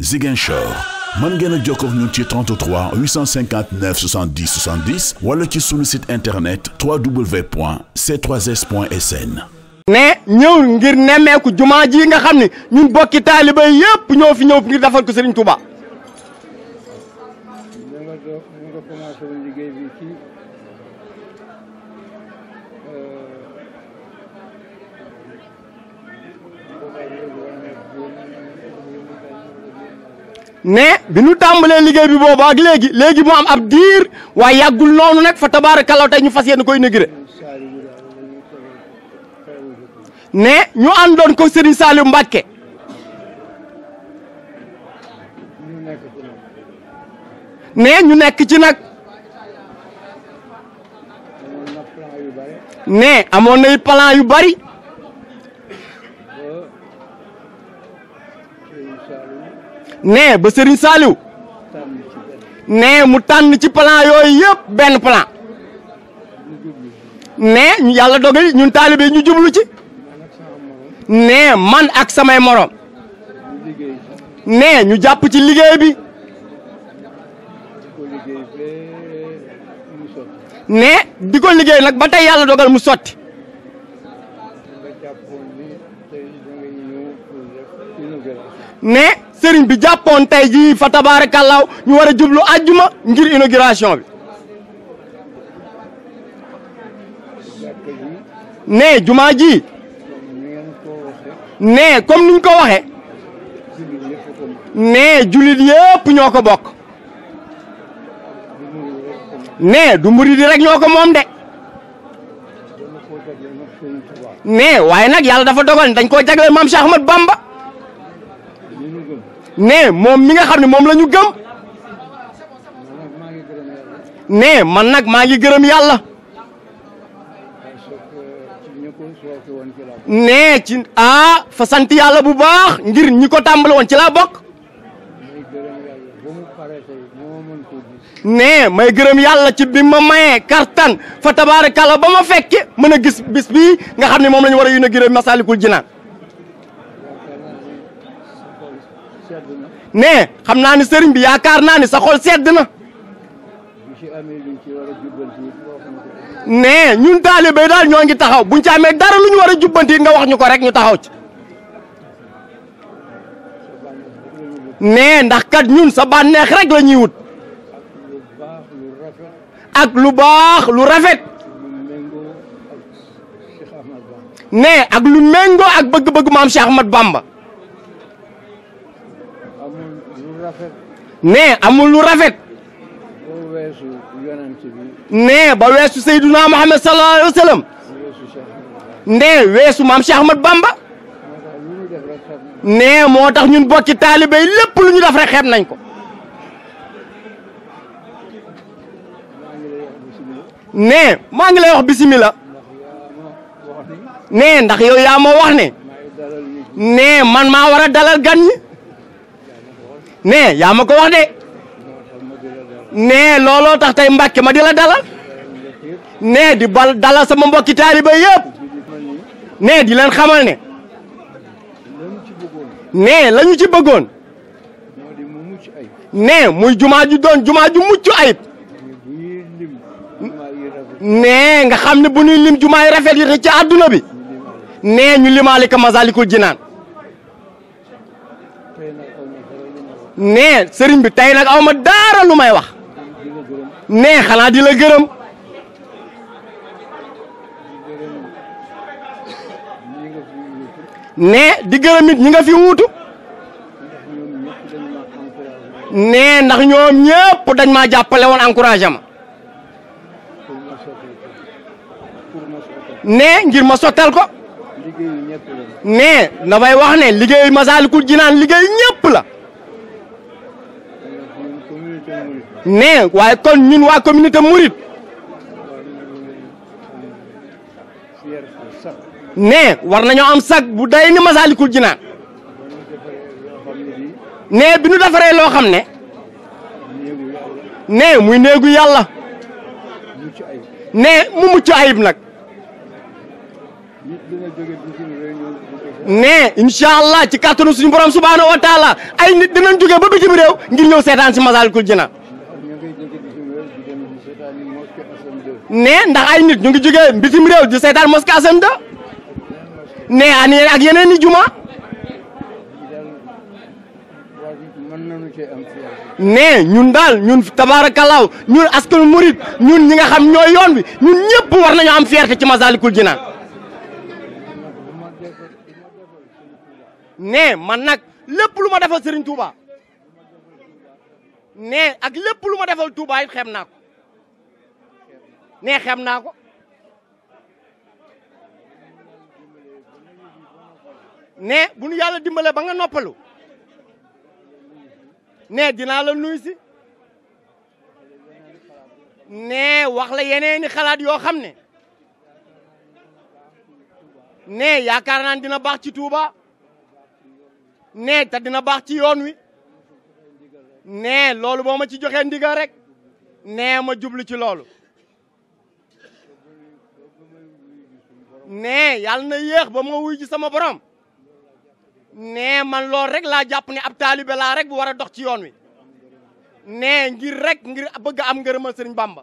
Ziguinchor mën ngeen a jokkoo ak ñun ci 33 859 70 70 wala ci sunu site internet www.c3s.sn mais ñëw ngir nemmeeku jumaa ji nga xam ne ñun bokki taaliba yépp ñoo fi ñëw ngir defal ko Serigne Touba ne bi ñu tàmbalee liggéey bi boobu ak léegi léegi mu am ab diir waa yàggul noonu nag fa tabaarakallaa tey ñu fas yéene koy inauguré ne ñu àndoon ko Serigne Saliou Mbacke ne ñu nekk ci nag ne amoon na plan yu bari nee ba Serigne Saliou nee mu tànn ci plan yooyu yëpp benn plan nee yàlla dogal ñun taalibe ñu jublu ci nee man ak samay moroom nee ñu jàpp ci liggéey bi nee di ko liggéey nag ba tey yàlla dogal mu sotti nee sëriñ bi jàppoon tey jii fa tabaarakallaaw ñu war a jublu àjjuma ngir inauguration bi ne jumaa ji ne comme niñ ko waxee ne jullit yépp ñoo ko bokk ne du murid yi rek ñoo ko moom de ne waaye nag yàlla dafa dogal dañ koo jagleel maam Cheikh Bamba ne moom mi nga xam ne moom la ñu gëm ne man nag maa ngi gërëm yàlla ne ci ah fa sant yàlla bu baax ngir ñi ko tàmbali woon ci laa bokk ne may gërëm yàlla ci bi ma mayee kartan fa tabaarakalla ba ma fekke mën a gis bis bii nga xam ne moom la ñu war a yu na gërëm Masaalikul Jinaan ne xam naa ni sëriñ bi yaakaar naa ni sa xol sedd na ne ñun taalibe daal ñoo ngi taxaw buñ ci amee dara lu ñu war a jubbanti nga wax ñu ko rek ñu taxaw ci ne ndax kat ñun sa bànneex rek la ñuy wut ak lu baax lu rafet ne ak lu mengoo ak bëgg-bëgg maam Cheikh Ahmad Bamba ne amul lu rafet. ne ba weesu Seydina Muhammad sallallahu alayhi wa weesu maam Cheikh Ahmad Bamba. ne moo tax ñun bokki taalibe yi lépp lu ñu def rek xeeb nañ ko. ne maa ngi lay wax bisimilah. ne ndax yow yaa wax ne. ne man maa war dalal gan ñi. ne yaa ma ko wax de ne looloo tax tey Mbàkke ma dila la dalal ne di bal dalal sama mbokki taaliba yëpp ne di leen xamal ne ne la ñu ci bëggoon ne muy jumaa ju doon jumaa ju mucc ayib ne nga xam ne bu ñuy lim jumaa yi rafet yi ci àdduna bi ne ñu limaali ka Masalikul Jinaan nee sëriñ bi tey nag aw ma daara lu may wax nee xanaa di la gërëm nee di gërëm ñi nga fi wuutu nee ndax ñoom ñëpp dañ maa jàppale woon encouragé nee ngir ma sottal ko nee damay wax ne liggéey Masaalikul Jinaan liggéey ñépp la ne waaye kon ñun waa communauté Mouride ne war nañoo am sag bu day ni Masaalikul Jinaan ne bi ñu defaree loo xam ne ne muy néegu yàlla ne mu mucc ayib nag ne incha allah ci kàttanu suñu borom subhaanahu wa taala ay nit dinañ jóge ba bitim réew ngir ñëw seetaan si Masaalikul Jinaan ne ndax ay nit ñu ngi jógee bitim réew di seetaan mosquée Assane II ne ani ak yeneen i juma ne ñun daal ñun tabaarakallaaw ñun askanu murit ñun ñi nga xam ñooy yoon bi ñun ñëpp war nañoo am fierté ci Masaalikul Jinaan ne man nag lépp lu ma defal Serigne Touba ne ak lépp lu ma defal Touba it xem naa nee xam naa ko nee bu nu yàlla dimbale ba nga noppalu nee dinaa la nuyu si nee wax la yeneeni xalaat yoo xam ne nee yaakaar naan dina baax ci tuuba nee te dina baax ci yoon wi nee loolu boo ma ci joxee ndigal rek nee ma jublu ci loolu ne yàlla na yéex ba ma wuy ji sama borom ne man loolu rek laa jàpp ne ab taalibe laa rek bu war a dox ci yoon wi ne ngir rek ngir bëgg am ngërëmal Sëriñ Bamba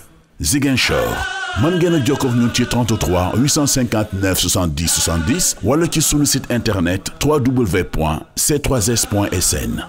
Ziguinchor mën ngeen a jokkoo ak ñun ci 33 859 70 70 wala ci sunu site internet www.c3s.sn